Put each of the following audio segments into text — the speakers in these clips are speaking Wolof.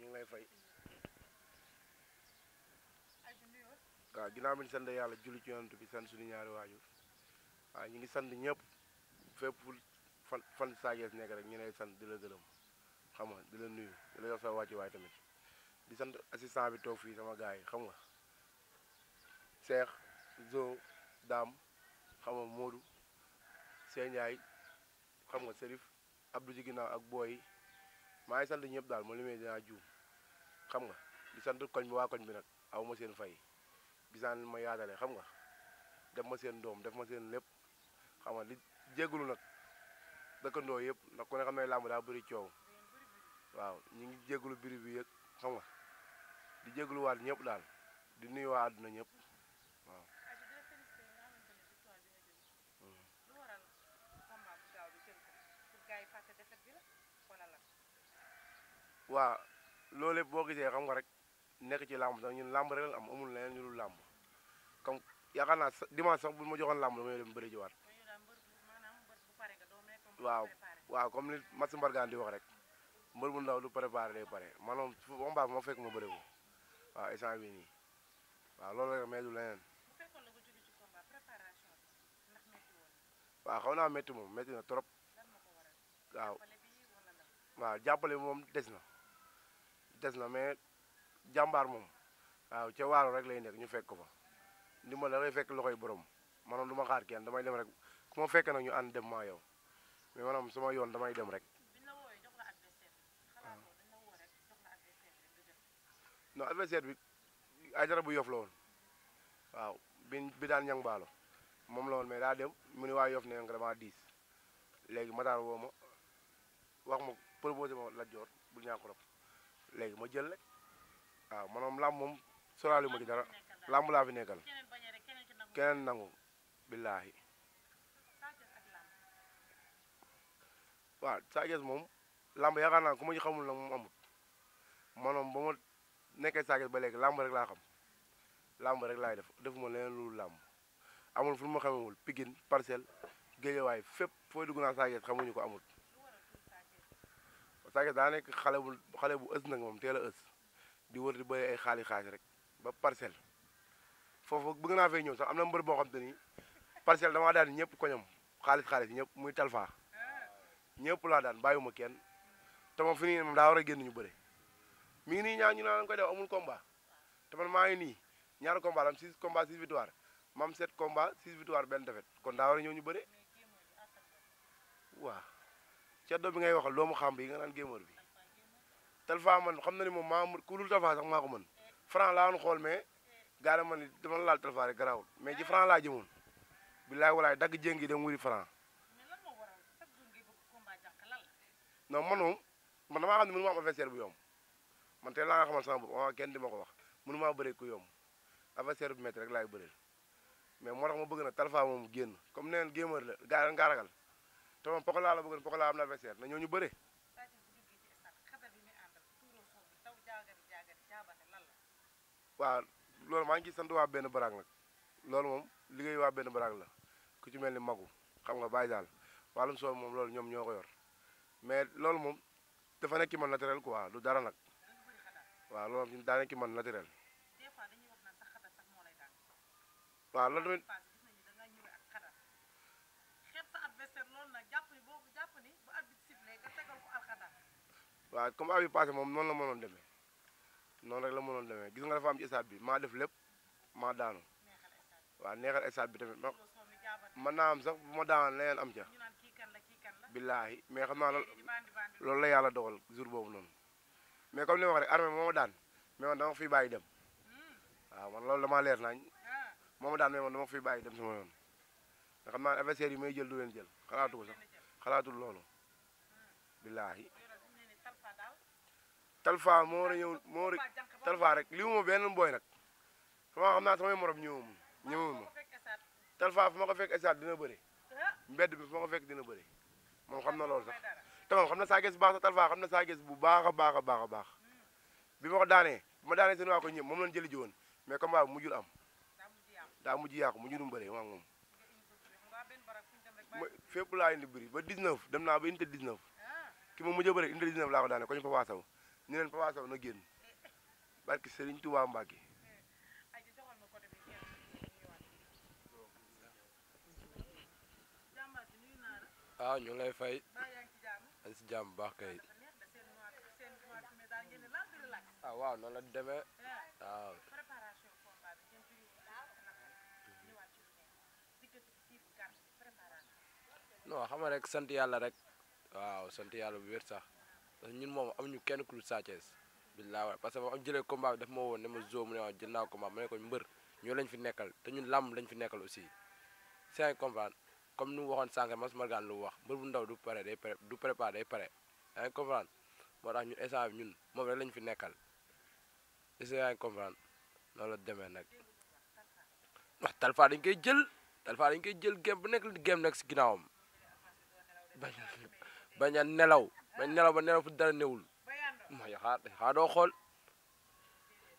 ñu ngi lay fay waaw ginnaaw bi ñu sant yàlla julli ci yonent bi sant suñu ñaari waajur waaw ñu ngi sant ñëpp fépp fan fan Sathiès nekk rek ñu lay sant di la gërëm xam nga di la nuyu di la jox sa wàccuwaay tamit di sant assistant bi toog fii sama gars yi xam nga Cheikh Zo Dame xam nga Modou Seen Ndiaye xam nga Serif Abdou ci ginnaaw ak booy maa ngi sant ñëpp daal moom li may dinaa juum xam nga di sant koñ bi waa koñ bi nag aw ma seen fay gisaan ma yaatale xam nga def ma seen doom def ma seen lépp xam nga li jégalu nag dëkkandoo yëpp ndax ko ne xam ne làmb daa bëri coow waaw ñu ngi jégalu biri bi yëg xam nga di jégaluwaat ñëpp daal di nuyu waa ñëpp. waaw loolu boo gisee xam nga rek nekk ci làmb sax ñun làmb rek la am amul leneen ñu dul làmb comme yaakaar naa dimanche sax bu ma joxoon làmb damay dem bëri jiwaat waaw waaw comme li Massi Mbargane di wax rek mbër bu ndaw du préparé day pare maanaam fu mbaa ma fekk ma bëri ko waaw waaw loolu rek xaw naa métti moom na trop waaw jàppale moom des na des na mais jàmbaar moom waaw ca waaru rek lay nekk ñu fekk ko fa ndimbal da ngay fekk loxoy borom maanaam du ma xaar kenn damay dem rek ku ma fekk ñu ànd dem yow mais maanaam sama yoon damay dem rek. Ah. non adversaire bi ay dara bu yof la waaw bi bi daan ñang baalo moom la woon mais daa dem mu waa yof ne nga dama diis léegi mataar woo ma wax ma proposé ma la joor bul ñaa ko rab léegi ma jël rek waaw manoom làmb moom soraali ma ci dara làmb laa fi nekkal keneen nangu billaahi waaw Sa Thiès moom làmb yaakaar naa ko ma ci xamul nag moom amut manoom ba ma nekkee Sa ba léegi làmb rek laa xam làmb rek laay def defuma leneen lu làmb amul fu mu ma xamewul Pikine Parcelles Guédiawaye fépp fooy dugg naa xam Thiès ñu ko amut cest da nek xalé bu xalé bu eus nak mom teel a ës di wër di bëri ay xali xaj rek ba parcelle foofu bëgg na fay ñëw sax amna mbeur bo xamanteni parcel dama ni parcelle damaa daan ñëpp koñam xaalis xaalis ñëpp muy talfa ñëpp la daan bayuma kenn te moom fi nii moom daa war ñu bëri mi ni ñaan ñaar ñu naan koy def amul combat te man maa ngi nii ñaari combat lam 6 combat 6 victoire mam 7 combat 6 victoire ben defet kon da wara a ñëw ñu bëri waaw ceddo bi ngay waxal doomu xam bi nga naan gémóor bi Talfa man xam na ni moom maa ku dul Talfa sax maa ko mën franc laa doon xool mais gaa dama ni dama laal Talfa rek garaawul mais ji franc laa jëmoon billaay walaay dagg jéng yi dem wuri franc non man moom man damaa xam ne mënu ma am adversaire bu yomb man tey laa nga xamal sama bopp waaw kenn di ma ko wax mënu maa bëree ku yomb adversaire bu métti rek laay bëreel mais moo tax ma bëgg na Talfa moom génn comme neen gémóor la te moom Pokola la bëggoon Pokola am na adversaire na ñooñu bëre. waaw loolu maa ngi ciy sant waa benn baraag nag loolu moom liggéey waa benn baraag la ku ci mel ni magu xam nga bàyyi daal wàllum soow moom loolu ñoom ñoo ko yor mais loolu moom dafa nekk man naturel quoi du dara nag waaw loolu daa nekk man naturel. waaw loolu tamit. waaw comme abi passé moom noonu la mënoon demee noonu rek la mënoon demee gis nga dafa am ci stade bi maa def lépp maa daanu waaw neexal stade bi tamit ndax mën naa am sax bu ma daanaan leneen am ca billaahi mais xam naa loolu loolu la yàlla dogal jour boobu noonu mais comme ni ma wax rek armée moo ma daan mais man dama fiy bàyyi dem waaw man loolu damaa leer nañ moo ma daan mais man dama fiy bàyyi dem sama yoon nga xam naa adversaire yi may jël du leen jël xalaatu ko sax xalaatul loolu billaahi Talfa moo war a ñëw moo war a rek rek lii moom benn booy nag sama xam naa samay mu ñëwul ñëwul ma Talfa fu ma ko fekk stade dina bëri mbedd bi fu ma ko fekk dina bëri moom xam na loolu sax te xam na saa gees bu baax sax Talfa xam na saa bu baax baax a baax baax bi ma ko daanee bi ma daanee seen waa ko ñëpp moom lañ jëli ji woon mais comme mu mujjul am daa mujj yàqu mujjul mu bëri waaw moom. ma fépp laa indi bëri ba 19 dem naa ba unité 19 ki ma mujj a bëri unité 19 laa ko daanee ko ñu fa waasaw. ñu leen Papa Sow na génn barki Serigne Touba Mbacke. ah ñu lay fay. dañ si jàmm baax kay. Ah, waaw noonu la demee waaw. Ah. non xam nga rek sant yàlla rek. waaw sant yàlla bu wér sax. parce que ñun moom am ñu kenn ku dul Sa Thiès billaahi parce que moom am jëlee combat bi daf ma woon ne ma zo ne ma jël naa combat ma ne ko mbër ñoo lañ fi nekkal te ñun làmb lañ fi nekkal aussi c'est comme nu mu waxoon sànq mas margaan lu wax mbër bu ndaw du pare day pare du préparé day pare yaa ngi comprendre ñun moom rek lañ fi nekkal est-ce que yaa ngi comprendre demee nag wax talfa dañ koy jël talfa dañ koy jël gem bu nekk gem nekk si ginnaawam bañ bañ a nelaw bañ nelaw ba nelaw fu dara newul ma xaar xaa doo xool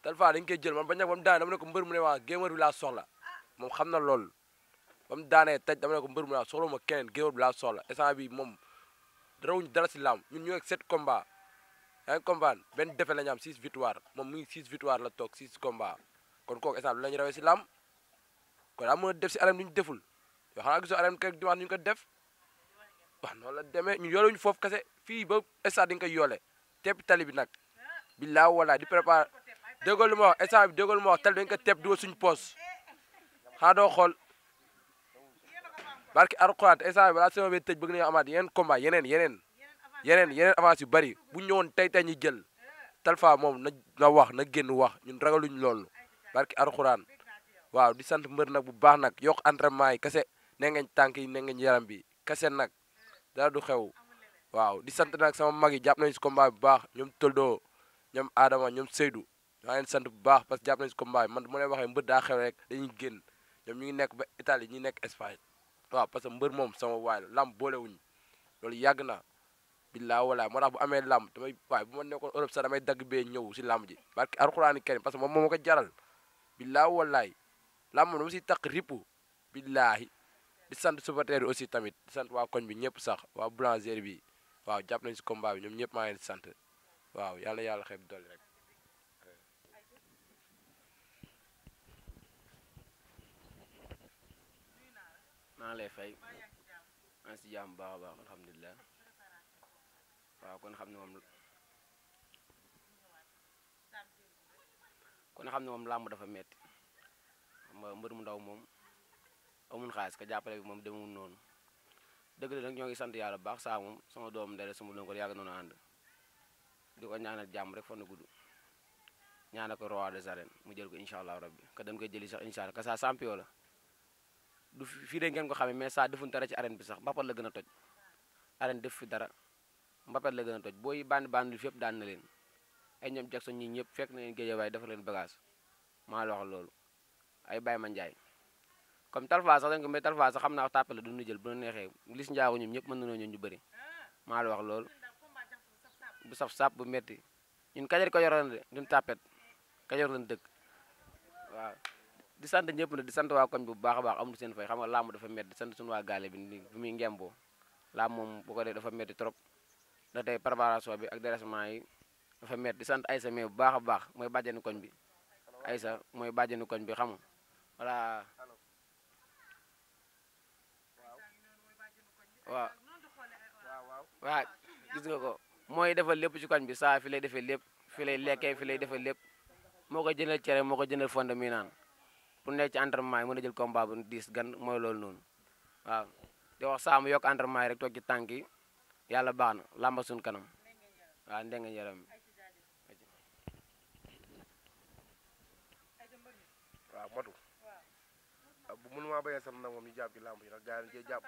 talfa dañ koy jël man bañ nag ba mu daane dama ne ko mbër mu ne wa gémar bi laa soxla moom xam na loolu ba mu daanee taj dama ne ko mbër mu ne waa soxla ma keneen gémar bi laa soxla instant bi moom rawuñ dara si laam ñun ñu ak sept combat yaa am six victoire moom mu six la tok six combat kon kooku instant bi la ñu rawee si def si arène lu deful yoo xanaa gisoo arène kay dimanche ñu def waaw noonu la deme ñu yoole ñu foofu kese fi ba stade dañ koy yoole tepp tali binak, nag wala di préparé déggoo lu ma wax stade bi déggoo ma wax tali dañ ko tepp dugal suñu poos xaa doo xool barki Alxuraan stade bi balaa saison tej tëj bëgg nañoo amaat yeneen combat yenen yenen yeneen yeneen avance yu bëri bu ñu ñëwoon tey tey ñu jël Talfa na na wax na génn wax ñun ragaluñ loolu barki Alxuraan waaw di sant mbër bu baax yok yokk entraînement yi kese ne ngeen tànk yi ne ngeen yaram bi dara du xew waaw di sant nag sama mag yi jàpp nañu si combat bu baax ñoom Toldo ñoom Adama ñoom Seydou maa leen sant bu baax parce que jàpp nañu si combat bi man mu lay waxee rek dañuy génn ñoom ñu ngi nekk ba Italie ñu nekk Espagne waaw parce que mbër moom sama waay la làmb boolewuñu loolu yàgg na billaa walaay moo tax bu amee làmb damay waay bu ma nekkoon Europe sax damay dagg bee ñëw si làmb ji barke alxuraani kenn parce que moom moo ma ko jaral billaa walaay làmb moom dama siy taq ripp billaahi di sant supporter yi aussi tamit di sant waa koñ bi ñëpp sax waa boulangerie bi waaw jàpp nañ si combat bi ñoom ñëpp maa ngi leen di sant waaw yàlla yàlla xeeb dolli rek. maa ngi lay fay maa baax baax alhamdulilah waaw kon xam ne moom xam ne làmb dafa metti xam mbër mu ndaw moom. amul xaalis ka jàppale bi moom demewul noonu dëgg la nag ñoo ngi sant yàlla bu baax saa moom sama doom ndere sama doom ko yàgg noonu ànd di ko ñaana jàmm rek fan na gudd ñaanal ko roi des arènes mu jël ko incha allah rabbi ka dañ koy jëli sax incha allah ka saa la du fii ngeen ko xamee mais saa defuñ dara ci arène sax mbapat la gën a toj arène def fi dara mbapat la gën a toj booy bandi bandi fépp daan na leen ay ñoom Jackson ñii ñëpp fekk na leen géejawaay dafa leen bagage maa la wax loolu ay Baye Mandiaye comme Talfa sax dañ ko mais Talfa sax xam naa tàppale du ñu jël bu neexee lis njaago ñoom ñëpp mën nañoo ñun ñu bëri maa la wax lool bu saf sap bu metti ñun Kajoor Kajoor lan de duñ tàppet Kajoor lan dëkk waaw di sant ñëpp nag di sant waa koñ bu baax a baax seen fay xam nga laamu dafa metti di sant suñu waa gaale bi ni bi muy ngemboo laa moom bu ko dee dafa metti trop da tey préparation bi ak dérèglement yi dafa metti di sant Aïssa mais bu baax a baax mooy bàjjenu koñ bi Aïssa mooy bàjjenu koñ bi xam nga waaw waaw gis nga mooy defal lépp ci koñ bi saa fi lay defee lépp fi lay lekkee fi lay defee lépp moo ko jëndal cere moo ko jëndal fonde mi naan pour nekk ci entraînement yi mën a jël combat bu diis gan mooy loolu noonu waaw di wax saa mu yokk entraînement yi rek toog ci tànk yi yàlla baax na làmba suñ kanam waaw ndenge yaram waaw matu ah bu mënumaa béyee sam nag moom ñu jàpp ci làmb yi nag gars yi dañ cee jàpp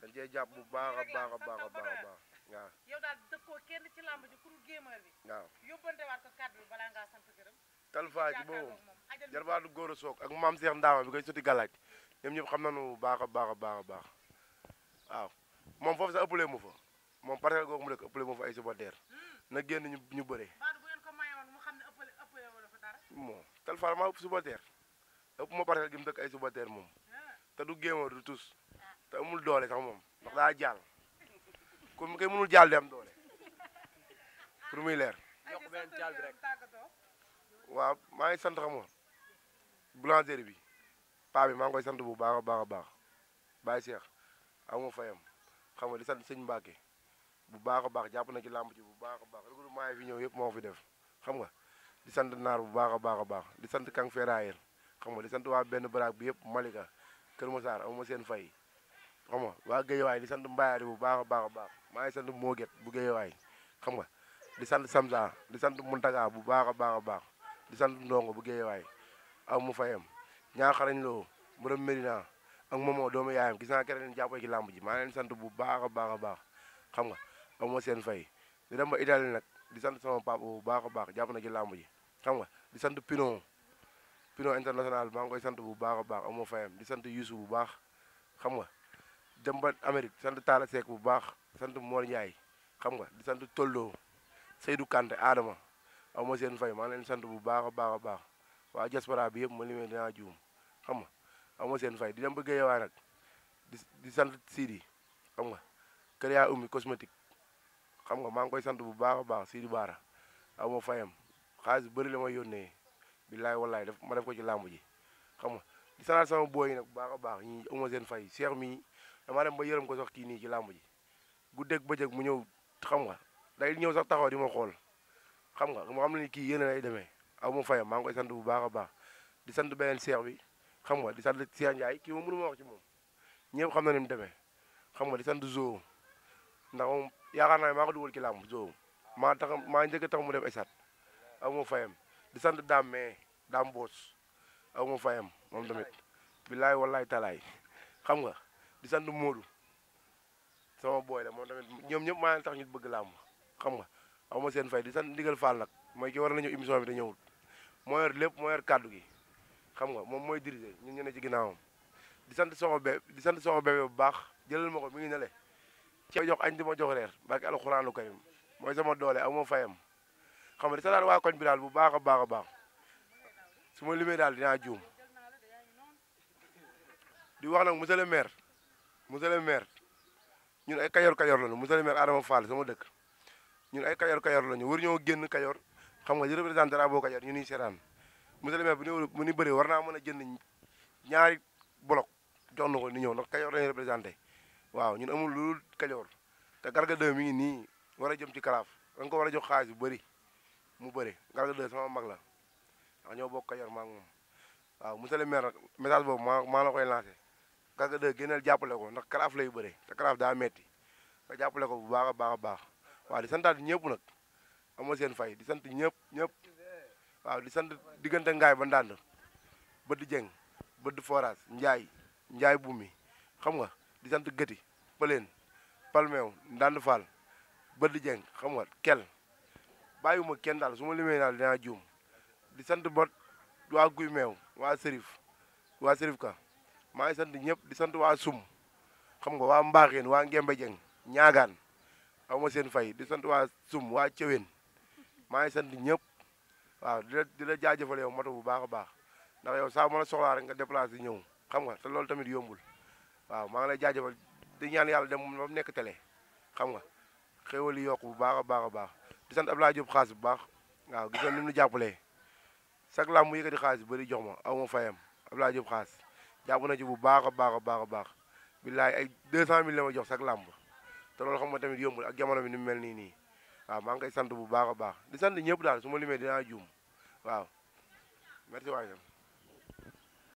dañ cee jàpp bu baax a baax a baax a baax a baax waaw yow daal dëkkoo kenn ci làmb ji góor a soog ak maam Seex Ndaama bi koy sotti galaaj ñoom ñëpp xam nañu baax a baax a baax a baax waaw moom foofu sax ëppalee mu fa moom parcelle googu mu dëkk ëppalee mu fa ay supporters hmm. na génn ñu ñu bëree bon talfaa maa ëpp ëpp ma parcelle gi mu dëkk ay Tadu moom te du géema du tus te amul doole sax moom ndax daa jàll kon mu koy mënul jàll di am doole pour muy leer waaw maa ngi sant xamoon boulangerie bi paa bi maa ngi koy sant bu baax a baax a baax Baye Cheikh amu fayam xam nga di sant sëñ Mbacke bu baax a baax jàpp na ci làmb bu baax a baax regroupement yi fi ñëw yëpp moo fi def xam nga di sant naar bu baax a baax di sant Kang xam nga di sant waa benn baraag bi yëpp Malika Kër Massar amuma seen fay xam nga waa di sant Mbayaari bu baax a baax a baax maa ngi sant Mooget bu Géejawaay xam nga di sant Samsa di sant Muntaga bu baax a baax a baax di sant Ndongo bu Géejawaay aw mu fayam ñaar xarañ loo borom Medina ak moomoo doomu yaayam gis naa keneen jàppale ci làmb ji maa leen sant bu baax a baax a baax xam nga amoo seen fay di dem ba nag di sant sama papa bu baax a baax jàpp na ji làmb ji xam nga di sant Pinon Pino international maa ngi koy sant bu baax a baax amoo fayam di sant Youssou bu baax xam nga dem ba sant Talla Seck bu baax sant Mor Ndiaye xam nga di sant Tollo Seydou kant Adama aw ma seen fay maa ngi leen sant bu baax a baax a baax waa diaspora bi yëpp ma limee dinaa juum xam nga aw seen fay di dem ba Guédiawaye nag di sant Sidi xam nga kër yaa ummi cosmétique xam nga maa ngi koy sant bu baax a baax Sidi Baara aw ma fayam xaalis bu bëri la ma yónnee. billaay wallaay def ma def ko ci làmb ji xam nga di sanal sama booy yi nag bu baax a baax ñi amoo seen fay Cheikh mii damaa dem ba yërëm ko sax kii nii ci làmb ji guddeeg bëccëg mu ñëw xam nga day ñëw sax taxaw di ma xool xam nga ma xam ne kii yéen lay demee aw ma fayam maa ngi koy sant bu baax a baax di sant beneen Cheikh bi xam nga di sant Cheikh Ndiaye kii moom mënu ma wax ci moom ñëpp xam na ni mu demee xam nga di santu Zoo ndax moom yaakaar naa ne maa ko dugal ci làmb Zoo maa tax maa njëkk tax mu dem esat aw ma fayam di sant daam mais daam boos aw ma fayam moom tamit billaay wallaay talaay xam nga di sant Modou sama booy la moom tamit ñoom ñëpp maa leen tax ñu bëgg làmb xam nga aw ma seen fay di sant ndigal Fall nag mooy ki war na ñëw émission bi da ñëwul moo yor lépp moo yor kàddu gi xam nga moom mooy diriger ñun ñu ne ci ginnaawam di sant soxo be di sant soxo bébé bu baax jëlal ma ko mi ngi ne le ci jox añ di ma jox reer barke alxuraanu karim mooy sama doole aw fayam xam nga sa sanaan waa koñ bi daal bu baax baax a baax su ma limee daal dinaa juum di wax nag monsieur le maire monsieur le maire ñun ay kayor kayor lañu monsieur le maire Adama Fall sama dëkk ñun ay kayor kayor lañu war ñoo génn kayor xam nga di représenté drapeau kayor ñu ni seetaan monsieur le bu ñu bu ñu bëree war naa mën a jënd ñaari bloc jox na ko ni ñëw ndax kayor waaw ñun amul lu kayor te Garga 2 mi ngi nii war a jëm ci kalaaf da nga ko war a jox xaalis bu bëri mu bëri Garga 2 sama mag la ndax ñoo bokk Kajoor maa ak moom waaw monsieur le maire message boobu maa maa la koy lancé Garga 2 jàppale ko ndax karaaf lay bëre te karaaf daa metti nga jàppale ko bu baax a baax a baax waaw di santaat ñëpp nag amoo seen fay di sant ñëpp ñëpp waaw di sant diggante ngaay ba ndànd bëdd jeng bëdd forage njaay njaay bumi xam nga di sant gëti pëleen palmeew ndànd faal bëdd jeng xam nga kel bàyyiwuma kenn daal suma ma limee daal dinaa juum di sant bot waa guy meew waa Serif waa Serif ka maa ngi sant ñëpp di sant waa sum xam nga waa mbaaxeen waa ngembe jeng ma seen fay di sant waa waa cëween maa ngi sant ñëpp waaw di la di la jaajëfal yow moto bu baax a baax ndax yow saa ma la soxlaa rek nga déplacé ñëw xam nga te loolu tamit yombul waaw maa ngi lay jaajëfal di ñaan yàlla dem ba mu nekk télé xam nga xéwal yi yokk bu baax baax a baax di sant Abdoulaye Diop xaalis bu baax waaw gis nga ni mu ñu làmb yi yëkkati xaalis bu bëri jox ma aw ma ab Abdoulaye Diop xaalis jàpp na ci bu baax a baax a baax a baax billaay ay 200 mille la ma jox chaque làmb te loolu xam ma tamit yombul ak jamono bi ni mu mel nii nii waaw maa ngi koy sant bu baax a baax di sant ñëpp daal suma ma limee dinaa jum waaw merci waay